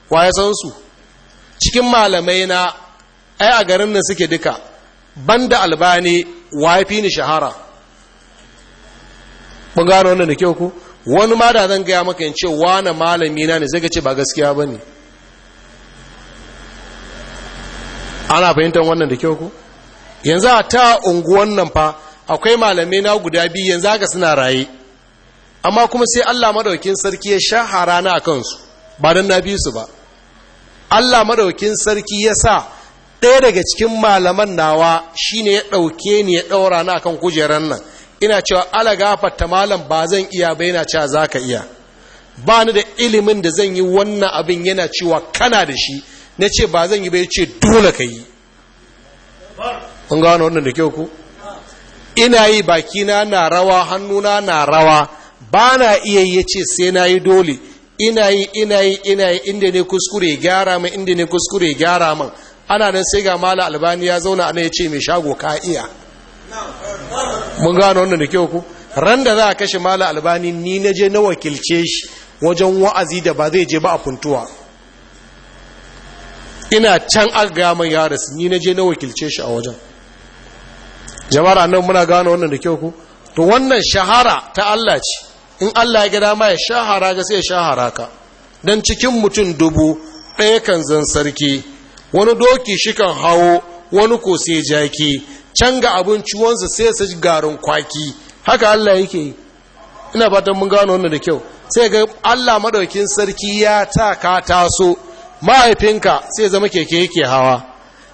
wa ya san su cikin malamai na ai a garin nan suke duka banda albani wa fi ni shahara mun gano wannan da kyau ko wani ma da zan gaya maka in ce wani malami na ne zai ga ce ba gaskiya bane ana fahimtar wannan da kyau ko yanzu a ta unguwan nan fa akwai malamai na guda biyu yanzu haka suna raye amma kuma sai Allah madaukin sarki ya shahara na kansu ba dan na biyu su ba Allah madaukin sarki ya sa ɗaya daga cikin malaman nawa shine ya ɗauke ni ya ɗaura na kan kujerar nan ina cewa ala gafarta malam ba zan iya ba yana cewa za ka iya ba ni da ilimin da zan yi wannan abin yana cewa kana da shi na ce ba zan yi bai ce dole ka yi kun gano wannan da kyau ku ina yi bakina na rawa hannuna na rawa ba na iya yi ce sai na yi dole ina yi ina yi ina yi inda ne kuskure gyara min inda ne kuskure gyara min ana nan sai ga mala albani ya zauna ana ya ce mai shago ka iya mun gano wannan da kyau ku ran da za a kashe mala albani ni na je na wakilce shi wajen wa'azi da ba zai je ba a kuntuwa. ina can aka gaya man ya rasu ni na je na wakilce shi a wajen jama'ar nan muna gano wannan da kyau ku to wannan shahara ta Allah ce in Allah ya ga ma ya shahara ga sai ya shahara ka dan cikin mutum dubu ɗaya kan zan sarki wani doki shi kan hawo wani ko sai jaki can ga abinci ciwonsa sai su garin kwaki haka Allah yake yi ina fatan mun gano wannan da kyau sai ga Allah madaukin sarki ya taka taso mahaifinka sai zama keke yake hawa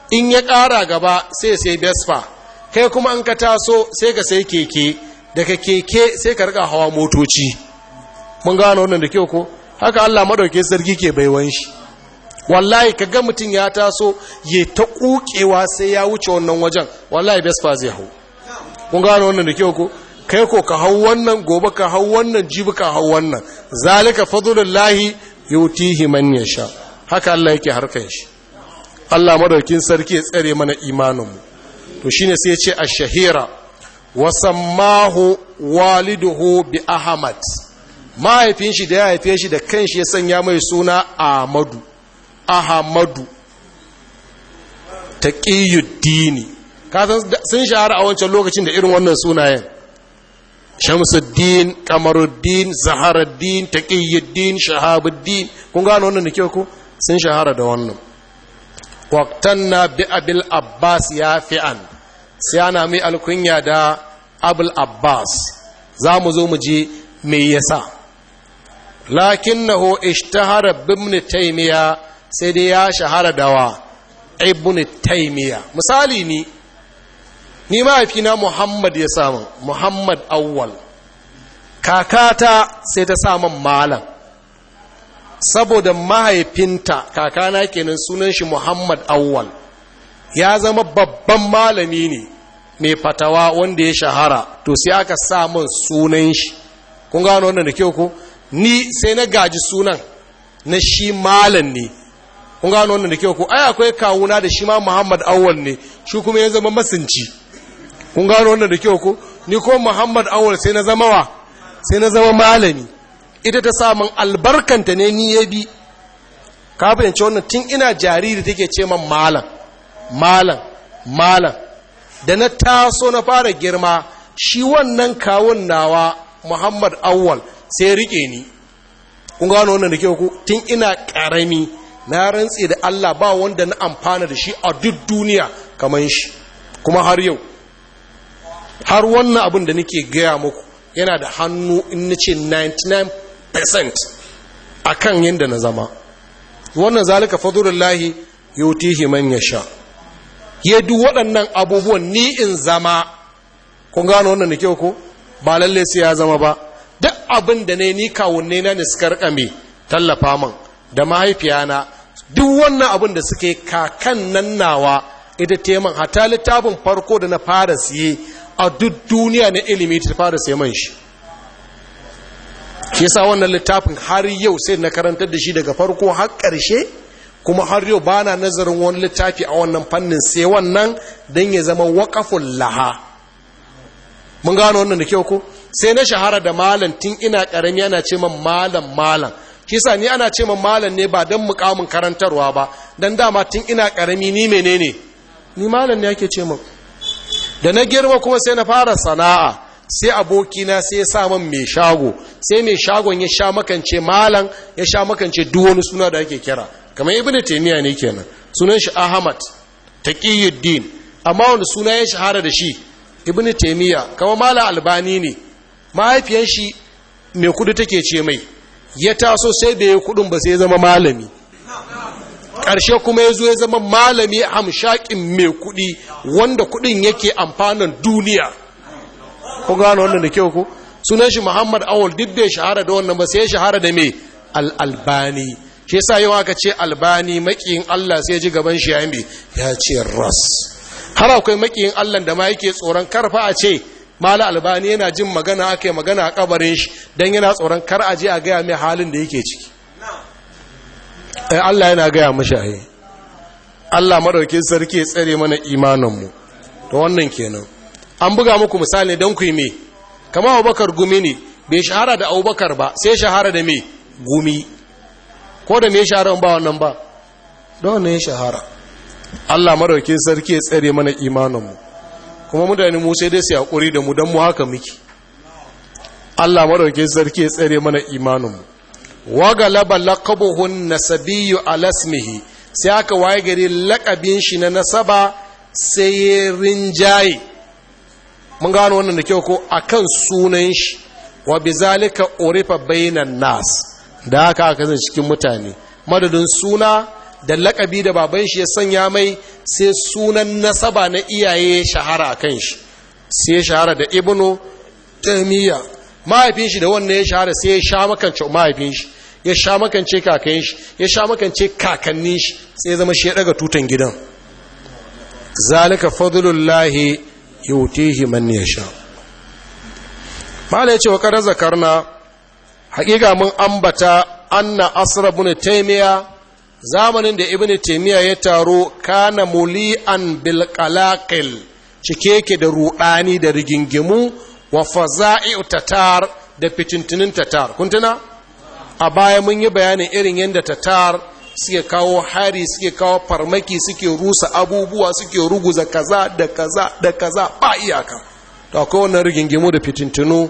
in ya ƙara gaba sai sai besfa kai kuma an ka taso sai ka sai keke daga keke sai ka riga hawa motoci mun gano wannan da kyau ko haka Allah madauke sarki ke baiwan shi wallahi ka ga mutum ya taso ya ta kukewa sai ya wuce wannan wajen wallahi besfa zai hau mun gano wannan da kyau ko kai ko ka hau wannan gobe ka hau wannan jibi ka hau wannan zalika fadlullahi yutihi man yasha haka Allah yake harkan shi Allah madaukin sarki ya tsare mana imaninmu to shine sai ya ce ash-shahira wa sammahu waliduhu bi ahmad mahaifin shi da ya haife shi da kanshi ya sanya mai suna ahmadu ahmadu taqiyuddini ka san sun shahara a wancan lokacin da irin wannan sunayen shamsuddin kamaruddin zaharuddin taqiyuddin shahabuddin kun gano wannan da kyau ko sun shahara da wannan na bi abil abbas ya fi'an sai ana mai alkunya da abul abbas za mu zo mu ji me yasa ho ishtahara bimni taimiya sai dai ya shahara da wa ibn misali ni ni mahaifina muhammad ya samu muhammad awwal kakata sai ta samun malam saboda mahaifinta kakana kenan sunan shi muhammad awwal ya zama babban malami ne mai fatawa wanda ya shahara to sai aka sa min sunan shi kun gano wannan da kyau ko ni sai na gaji sunan na shi malam ne kun gano wannan da kyau ko ai akwai kawuna da shi ma muhammad awwal ne shi kuma ya zama masinci kun gano wannan da kyau ko ni ko muhammad awwal sai na zama wa sai na zama malami ita ta samun albarkanta ne ni ya bi ka fahimci wannan tun ina jariri take ce man malam malam malam da na taso na fara girma shi wannan kawun nawa muhammad awwal sai rike ni kun gano wannan da ke ku tun ina karami na rantse da allah ba wanda na amfana da shi a duk duniya kamar shi kuma har yau har wannan abin da nake gaya muku yana da hannu in na ce 99 100% a kan yadda na zama wannan zalika lahi yutihi man sha ya du waɗannan abubuwan ni in zama kun gano wannan da kyau ko ba lalle sai ya zama ba duk abin da ne ni kawunne na ne suka rika me tallafa min da mahaifiyana duk wannan abin da suke kakan nan nawa ita teman hata littafin farko da na fara siye a duk duniya na ilimi ta fara siye man shi shi yasa wannan littafin har yau sai na karantar da shi daga farko har ƙarshe kuma har yau ba na nazarin wani littafi a wannan fannin sai wannan don ya zama waƙafun laha mun gano wannan da kyau ko sai na shahara da malam tun ina ƙarami ana ce man malam malam sa ni ana ce man malam ne ba don mukamin karantarwa ba don dama tun ina ƙarami ni menene ni malam ne ake ce man da na girma kuma sai na fara sana'a sai abokina sai ya sa man mai shago sai mai shagon ya sha makance malam ya sha makance duwani suna da ake kira kamar ibn taymiya ne kenan sunan shi ahmad taqiyuddin amma wani suna ya shahara da shi ibn taymiya kamar malam albani ne mahaifiyar shi mai kudu take ce mai ya taso sai da ya kudin ba sai ya zama malami ƙarshe kuma ya zo ya zama malami hamshakin mai kudi wanda kudin yake amfanin duniya kun gano wannan da kyau ko sunan shi Muhammad Awul duk bai shahara da wannan ba sai shahara da me al-Albani shi yasa yau aka ce Albani makiyin Allah sai ji gaban shi yayin ya ce ras har akwai makiyin Allah da ma yake tsoron karfa a ce mala albani yana jin magana aka yi magana a kabarin shi don yana tsoron kar a je a gaya mai halin da yake ciki eh, Allah yana gaya mashi Allah madaukin sarki ya tsare mana imanin mu ta wannan kenan an buga muku misali don ku yi me kama abubakar gumi ne bai shahara da abubakar ba sai shahara da me gumi ko da me shahara ba wannan ba don wannan ya shahara allah marauke sarki ya tsare mana imaninmu kuma mutane mu sai dai su yaƙuri da mu don mu haka miki allah marauke sarki ya tsare mana imaninmu wagalaba laqabuhun nasabiyyu alasmihi sai aka waye gari lakabin shi na nasaba sai rinjaye mun gano wannan da kyau ko akan sunan shi wa zalika urifa bainan nas da haka aka zan cikin mutane madadin suna da lakabi da baban shi ya sanya mai sai sunan nasaba na iyaye shahara kan shi sai shahara da ibnu tamiya mahaifin shi da wannan ya shahara sai ya sha makance mahaifin shi ya sha makance kakan shi ya sha makance kakannin shi sai ya zama shi ya daga tutan gidan zalika fadlullahi yutihi man yasha ya ce wa qad zakarna haƙiƙa mun ambata anna asra ibn taymiya zamanin da ibn taymiya ya taro kana muli'an bil cike yake da ruɗani da rigingimu wa faza'i tatar da fitintunin tatar kuntuna a baya mun yi bayanin irin yadda tatar suke kawo hari suke kawo farmaki suke rusa abubuwa suke ruguza kaza da kaza da kaza ba iyaka to akwai wannan rigingimu da fitintunu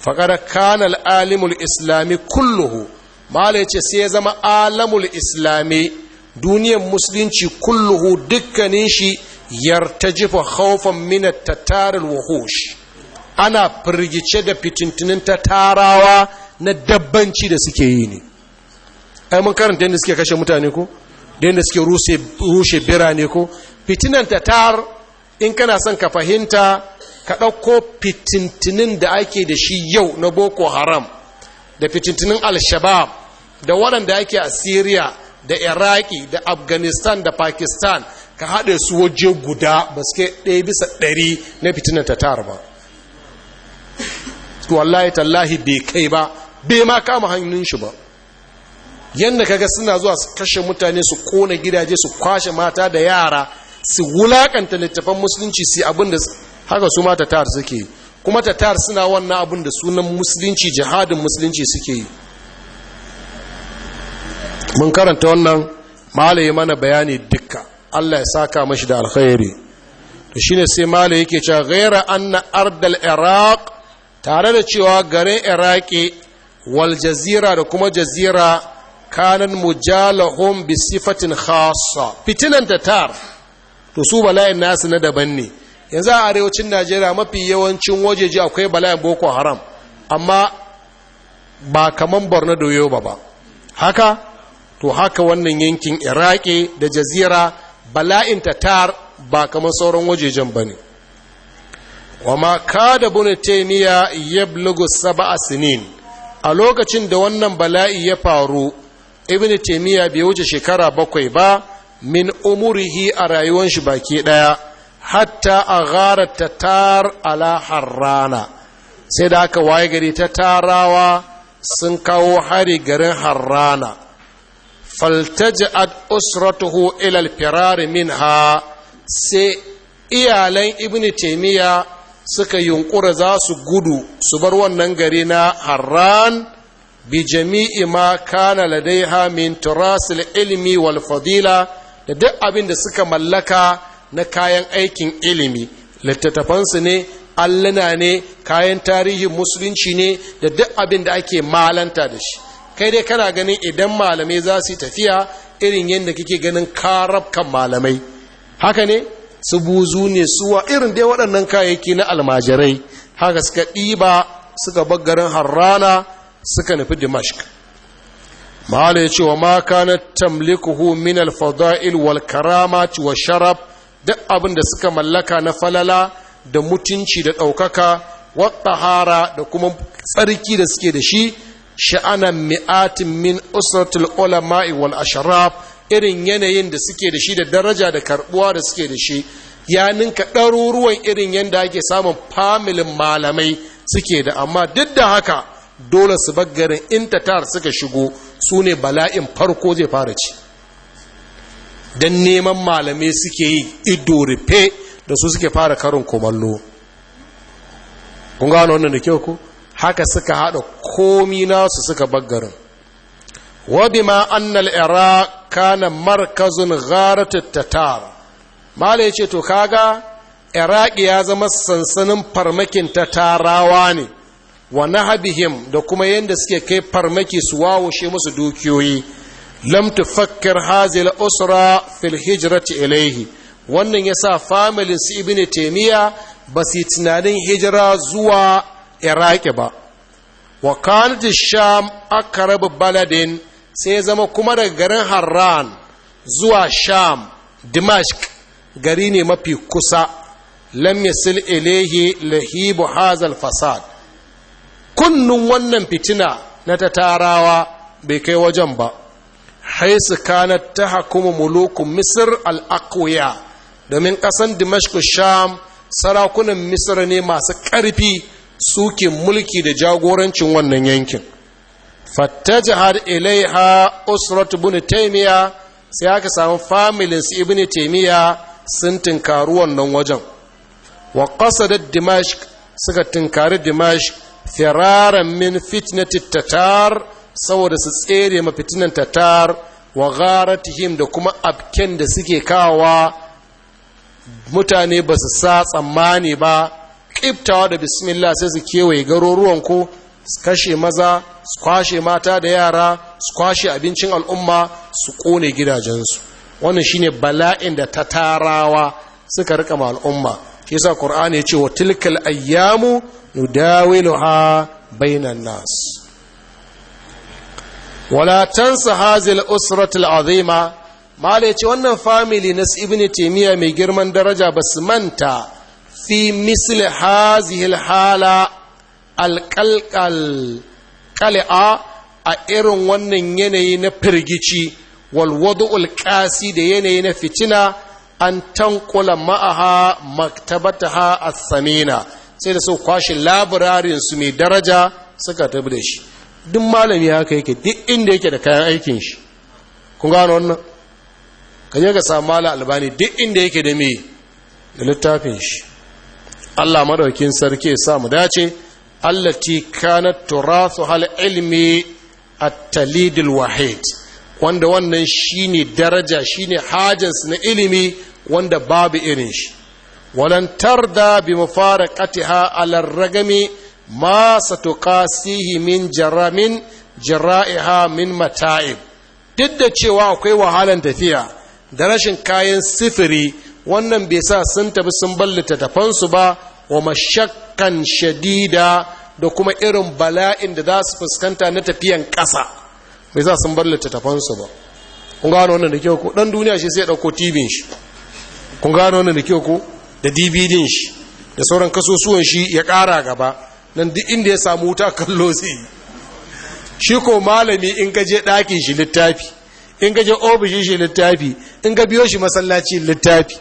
faqara kana al-alimul islami kulluhu mala yace sai ya zama alamul islami duniyar musulunci kulluhu dukkanin shi yartajifa khawfan min at-tatar al-wuhush ana firgice da fitintunin tatarawa na dabbanci da suke yi ne ai mun karanta yadda suke kashe mutane ko da yadda suke rushe birane ko fitinan ta in kana son ka fahimta ka ɗauko fitintinin da ake da shi yau na boko haram da fitintinin al-shabab da waɗanda ake a syria da iraki da afghanistan da pakistan ka haɗe su waje guda ba su ɗaya bisa ɗari na fitinan Tatar tar ba wallahi tallahi bai kai ba bai ma kama hannun shi ba yadda kaga suna zuwa su kashe mutane su kona gidaje su kwashe mata da yara su wulakanta littafan musulunci su abin da haka su mata tar suke kuma tar suna wannan abin da sunan musulunci jihadin musulunci suke yi mun karanta wannan malaye mana bayani dukka Allah ya saka mashi da alkhairi to shine sai malaye yake cewa ghaira anna ardal iraq tare da cewa garin iraqi wal jazira da kuma jazira kanan mujalahum bi sifatin khassa fitinan tatar to su bala'in nasu na daban ne yanzu a arewacin najeriya mafi yawancin wajeji akwai bala'in boko haram amma ba kaman borno da yoba ba haka to haka wannan yankin iraki da jazira bala'in tatar ba kamar sauran wajejen ba ne wama kada bin taimiya ya saba sinin a lokacin da wannan bala'i ya faru ibn taimiyya bai wuce shekara bakwai ba min umurihi a rayuwar shi baki ɗaya hatta a gara tatar ala harrana sai da aka waye gari ta tarawa sun kawo hari garin harrana faltaja'at usratuhu ila al-firar minha sai iyalan ibn taimiyya suka yunkura za su gudu su bar wannan gari na harran bi jami'i ma kana ladaiha min turasil ilmi wal fadila da duk abin da suka mallaka na kayan aikin ilimi littattafansu ne alluna ne kayan tarihin musulunci ne da duk abin da ake malanta da shi kai dai kana ganin idan malamai za su tafiya irin yadda kike ganin karabkan malamai haka ne su buzu ne suwa irin dai waɗannan kayayyaki na almajirai haka suka ɗiba suka bar garin harrana suka nufi dimashq mahala ya ce wa ma kana tamlikuhu min alfada'il wal karamati wa Sharaf duk abin suka mallaka na falala da mutunci da ɗaukaka wa tahara da kuma tsarki da suke da shi sha'anan mi'atin min usratul ulama'i wal ashraf irin yanayin da suke da shi da daraja da karbuwa da suke da shi ya ninka ɗaruruwan irin yanda ake samun familin malamai suke da amma duk da haka dole su baggarin in tatar suka shigo su ne bala'in farko zai fara ci don neman malamai suke yi ido rufe da su suke fara karin kumallo kun gano wannan da kyau ku haka suka haɗa komi nasu suka baggarin ma annal iraq kana markazun gharatut tatar mala yace to kaga iraq ya zama sansanin farmakin tatarawa ne wa nahabihim da kuma yadda suke kai farmaki su wawushe musu dukiyoyi lam tufakkir hazil usra fil hijrati ilaihi wannan yasa familin su ibnu taymiya ba su tunanin hijira zuwa iraki ba wa kanat sham aqrab baladin sai ya zama kuma daga garin harran zuwa sham dimashq gari ne mafi kusa lam yasil ilaihi lahibu hazal fasad kunnun wannan fitina na ta tarawa bai kai wajen ba haisu kana ta hakuma mulukun misir al’akwaya domin ƙasan dimashku sham sarakunan misir ne masu ƙarfi suke mulki da jagorancin wannan yankin fattajahar ilaiha usrat ibn taymiya sai aka samu familin su ibn taymiya sun tinkari wannan wajen wa da dimashku suka tinkari dimashku firaran min fitnatit tatar saboda su tsere ma fitinan tatar wa gharatihim da kuma abken da suke kawa mutane ba su sa tsammani ba kiftawa da bismillah sai su kewaye garuruwan ko su kashe maza su kwashe mata da yara su kwashe abincin al'umma su kone gidajensu wannan shine bala'in da tatarawa suka rika ma al'umma shi yasa qur'ani ya ce wa tilkal ayyamu nudawiluha bainan nas wala tansa hazil usratul azima malai ce wannan family na ibn taymiya mai girman daraja ba su manta fi misli hazihil hala alƙalƙal a irin wannan yanayi na firgici walwadu ulƙasi da yanayi na fitina an tankula ma'aha ha a samina sai da su kwashi labirarin su mai daraja suka tabi da shi duk malami haka yake duk inda yake da kayan aikin shi kun gano wannan ka je ka samu mala albani duk inda yake da mai da littafin shi Allah madaukin sarki sa mu dace allati kanat turasu hal ilmi at-talid wahid wanda wannan shine daraja shine hajansu na ilimi wanda babu irin shi walantar tarda bi mufaraqatiha ala ragami ma satuqasihi min jaramin jara'iha min mata'ib duk da cewa akwai wahalan tafiya da rashin kayan sifiri wannan bai sa sun tafi sun ballita tafansu ba wa mashakkan shadida da kuma irin bala'in da za su fuskanta na tafiyan ƙasa bai za sun bar littattafansu ba kun gano wannan da kyau ko dan duniya shi sai dauko TV shi kun gano wannan da kyau ko da DVD shi da sauran kasusuwan shi ya kara gaba nan duk inda ya samu wuta kallo sai shi ko malami in ka je ɗakin shi littafi in ka je ofishin shi littafi in ka biyo shi masallaci littafi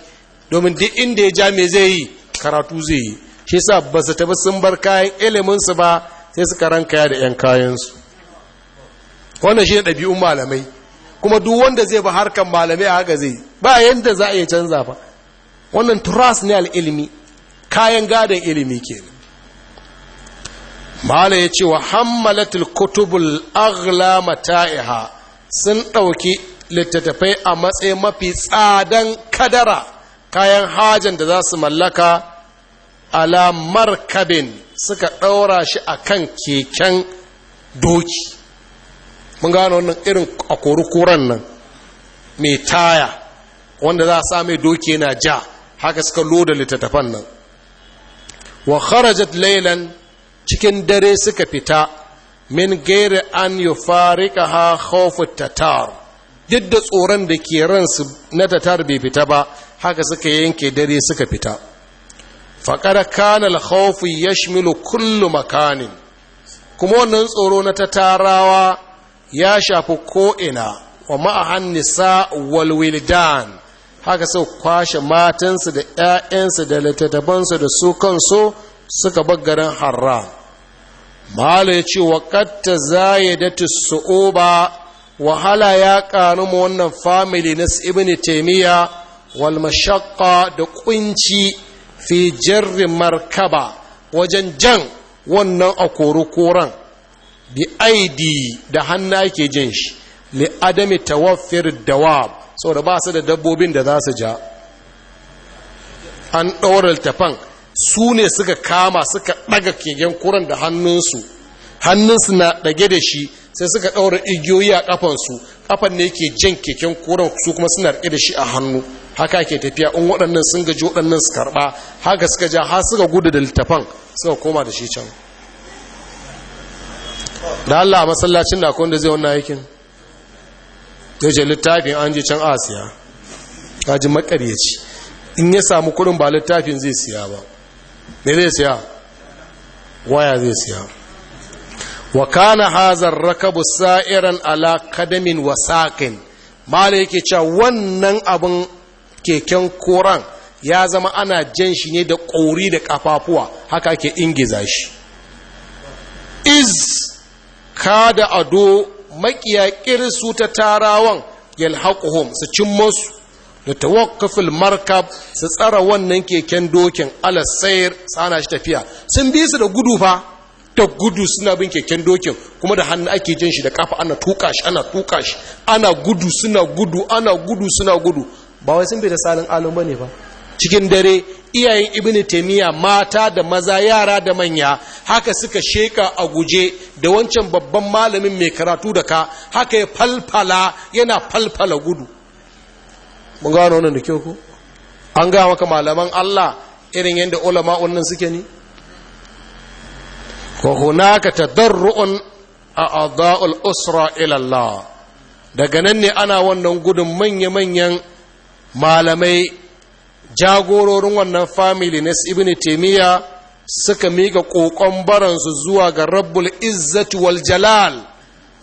domin duk inda ya ja me zai yi karatu zai yi shi sa ba su tabi sun bar kayan iliminsu ba sai suka rankaya da 'yan kayansu wannan shi ne ɗabi'un malamai kuma duk wanda zai ba harkar malamai a haka zai ba yadda za a iya canza fa wannan turas ne al'ilmi kayan gadon ilimi ke ne. mala ya ce wa hammalatul kutubul aghla mata'iha sun ɗauki littattafai a matsayin mafi tsadan kadara kayan hajan da za su mallaka alamar kabin suka ɗaura shi a kan keken doki mun gano wannan irin a nan mai taya wanda za a sa mai doki na ja haka suka loda littattafan nan wa kharajat laylan cikin dare suka fita min gairi an yufarikaha khawfu tatar duk da tsoron da ke ransu na tatar bai fita ba haka suka yanke dare suka fita faƙar kanal khawfu yashmilu kullu makanin kuma wannan tsoro na tatarawa ya shafi ko'ina wa ma'ahan nisa walwildan haka sau kwashe matansu da ‘ya'yansu da littattafansu da su kansu suka garin harra Malam ya ce wa ƙatta zaye da ba wahala ya ƙaru ma wannan famili na ibn taimiyya walmashakka da ƙunci fi jarri markaba wajen jan wannan akori koran bi aidi da hannu yake jin shi li adami tawaffir dawab saboda ba su da dabbobin da za su ja an ɗaura littafan su ne suka kama suka ɗaga kegen kuran da hannunsu hannunsu na ɗage da shi sai suka ɗaura igiyoyi a ƙafansu ƙafan ne ke jan keken kuran su kuma suna ɗage da shi a hannu haka ke tafiya in waɗannan sun gaji waɗannan su karɓa haka suka ja har suka gudu da littafan suka koma da shi can da Allah masallacin da akwai zai wannan aikin ya ce littafin an je can asiya ta ji makaryaci in ya samu kurin ba littafin zai siya ba ne zai siya waya zai siya wa kana hazar rakabu sa'iran ala kadamin wa saqin mala yake cewa wannan abin keken koran ya zama ana jan shi ne da ƙori da ƙafafuwa haka ke ingiza shi iz kada ado makiyakir su ta tarawan yalhaquhum su cimma su da tawakkafil markab su tsara wannan keken dokin ala sana shi tafiya sun bi su da gudu fa da gudu suna bin keken dokin kuma da hannu ake jin shi da kafa ana tuka shi ana tuka shi ana gudu suna gudu ana gudu suna gudu ba wai sun bi da salin alon bane ba cikin dare iyayen ibn taimiyya mata da maza yara da manya haka suka sheka a guje da wancan babban malamin mai karatu da ka haka ya falfala yana falfala gudu mun gano wannan da kyau ko an ga maka malaman Allah irin yadda ulama wannan suke ni ko hunaka tadarru'un a usra ila Allah daga nan ne ana wannan gudun manya-manyan malamai jagororin wannan family na ibn taimiyya suka miƙa ƙoƙon baransu zuwa ga rabbul izzati wal jalal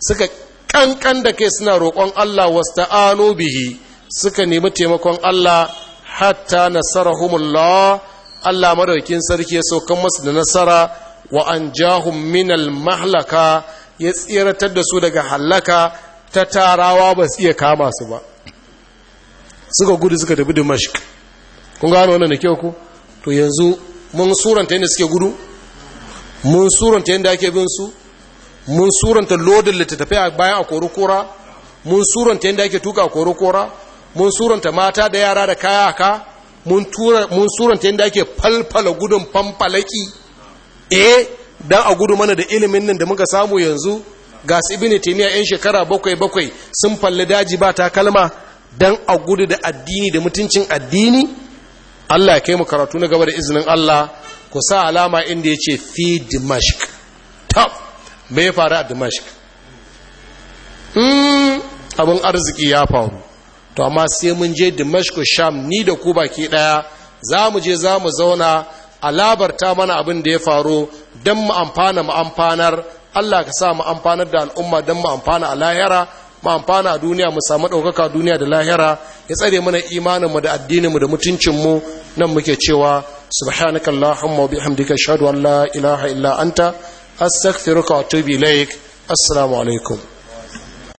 suka ƙanƙan da kai suna roƙon allah wasta'anu bihi suka nemi taimakon allah hatta nasarahumullah allah madaukin sarki ya saukan masu da nasara wa an jahum minal mahlaka ya tsiratar da su daga hallaka ta tarawa ba su iya kama su ba suka gudu suka tafi dimashq kun gano wannan da kyau ku to yanzu mun suranta yadda suke gudu mun suranta yadda ake bin su mun suranta lodin littattafai a bayan a kora mun suranta yadda ake tuka a kora mun suranta mata da yara da kaya ka mun suranta yadda ake falfala gudun fanfalaki eh dan a gudu mana da ilimin nan da muka samu yanzu ga su ne taimiyya 'yan shekara bakwai bakwai sun falle daji ba ta kalma dan a gudu da addini da mutuncin addini Allah ya kai mu karatu na gaba da izinin Allah ku sa alama inda yace ce fi dimashq tab me ya faru a dimashq mm abin arziki ya faru to amma sai mun je dimashq sham ni da ku baki daya za mu je za mu zauna alabarta mana abin da ya faru don mu amfana mu amfanar Allah ka sa mu amfanar da al'umma don mu amfana a lahira mu amfana a duniya mu samu ɗaukaka duniya da lahira ya tsare mana imaninmu da addininmu da mutuncinmu nan muke cewa subhanaka allahumma wa bihamdika ashhadu an la ilaha illa anta astaghfiruka wa atubu ilaik assalamu alaikum